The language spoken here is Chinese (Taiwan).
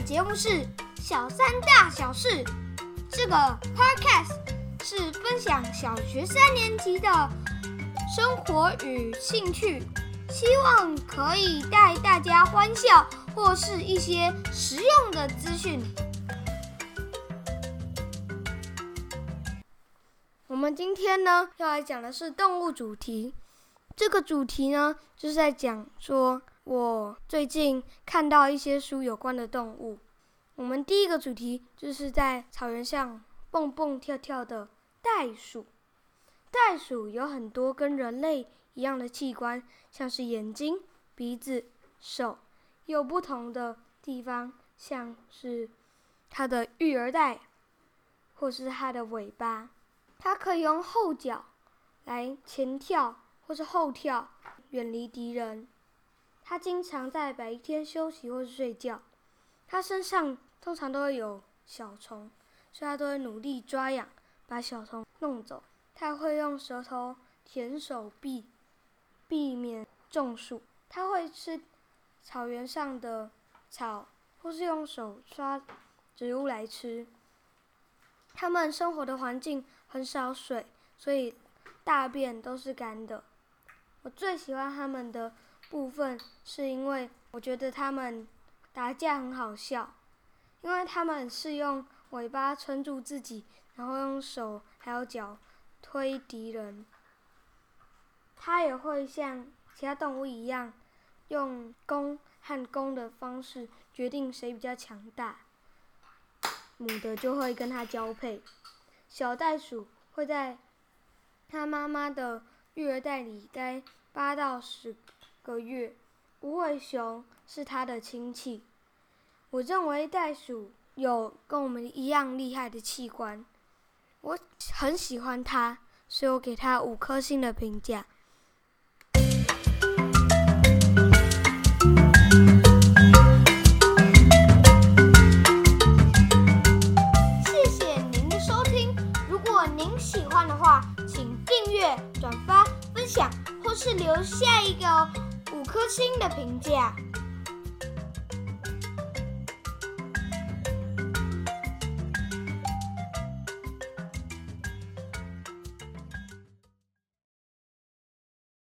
節目是小三大小事，這個 podcast 是分享小學三年級的生活與興趣，希望可以帶大家歡笑或是一些實用的資訊。我們今天呢，要來講的是動物主題。這個主題呢，就是在講說，我最近看到一些書有關的動物。我們第一個主題就是在草原上蹦蹦跳跳的袋鼠。袋鼠有很多跟人類一樣的器官，像是眼睛、鼻子、手，有不同的地方，像是它的育兒袋，或是它的尾巴。它可以用後腳來前跳。或是後跳，遠離敵人。它經常在白天休息或是睡覺。它身上通常都會有小蟲，所以它都會努力抓癢，把小蟲弄走。它會用舌頭舔手臂，避免中暑。它會吃草原上的草，或是用手抓植物來吃。它們生活的環境很少水，所以大便都是乾的。我最喜歡他們的部分，是因為我覺得他們打架很好笑，因為他們是用尾巴撐住自己，然後用手還有腳推敵人。它也會像其他動物一樣，用公和公的方式決定誰比較強大。母的就會跟他交配，小袋鼠會在他媽媽的。育兒袋裡待八到十個月，無尾熊是他的親戚。我認為袋鼠有跟我們一樣厲害的器官，我很喜歡它，所以我給它五顆星的評價。謝謝您的收聽，如果您喜歡的話，請訂閱、轉發。想或是留下一個、哦、五顆星的評價。